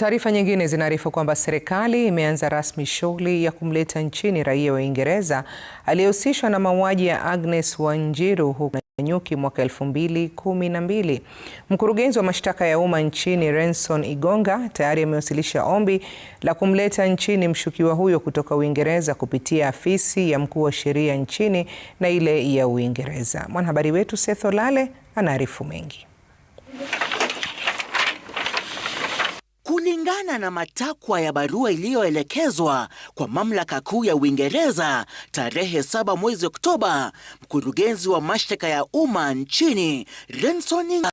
Taarifa nyingine zinaarifu kwamba serikali imeanza rasmi shughuli ya kumleta nchini raia wa Uingereza aliyehusishwa na mauaji ya Agnes Wanjiru huko Nanyuki mwaka 2012. Mkurugenzi wa mashtaka ya umma nchini Renson Igonga tayari amewasilisha ombi la kumleta nchini mshukiwa huyo kutoka Uingereza kupitia afisi ya mkuu wa sheria nchini na ile ya Uingereza. Mwanahabari wetu Seth Olale anaarifu mengi. Kulingana na matakwa ya barua iliyoelekezwa kwa mamlaka kuu ya Uingereza tarehe 7 mwezi Oktoba, mkurugenzi wa mashtaka ya umma nchini Renson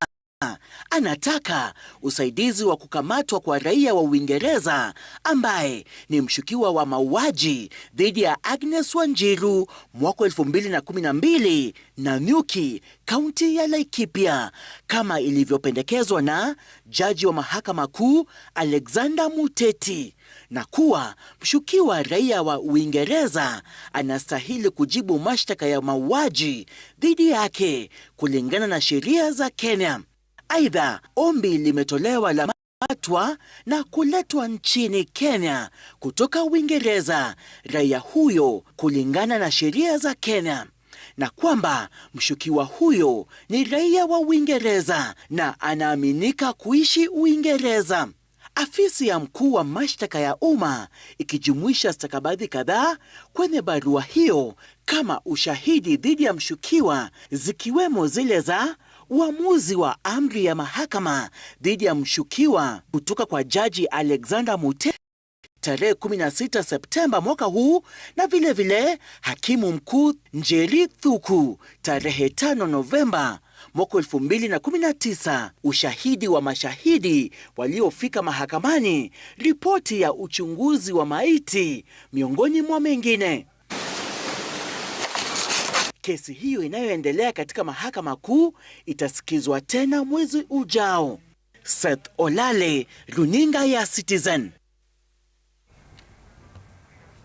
anataka usaidizi wa kukamatwa kwa raia wa Uingereza ambaye ni mshukiwa wa mauaji dhidi ya Agnes Wanjiru mwaka 2012 na Nyuki, kaunti ya Laikipia, kama ilivyopendekezwa na jaji wa mahakama kuu Alexander Muteti, na kuwa mshukiwa raia wa Uingereza anastahili kujibu mashtaka ya mauaji dhidi yake kulingana na sheria za Kenya. Aidha, ombi limetolewa la matwa na kuletwa nchini Kenya kutoka Uingereza raia huyo kulingana na sheria za Kenya na kwamba mshukiwa huyo ni raia wa Uingereza na anaaminika kuishi Uingereza. Afisi ya mkuu wa mashtaka ya umma ikijumuisha stakabadhi kadhaa kwenye barua hiyo kama ushahidi dhidi ya mshukiwa zikiwemo zile za Uamuzi wa amri ya mahakama dhidi ya mshukiwa kutoka kwa Jaji Alexander Mute tarehe 16 Septemba mwaka huu na vilevile vile, Hakimu Mkuu Njeri Thuku tarehe 5 Novemba mwaka 2019, ushahidi wa mashahidi waliofika mahakamani, ripoti ya uchunguzi wa maiti miongoni mwa mengine. Kesi hiyo inayoendelea katika mahakama kuu itasikizwa tena mwezi ujao. Seth Olale, runinga ya Citizen.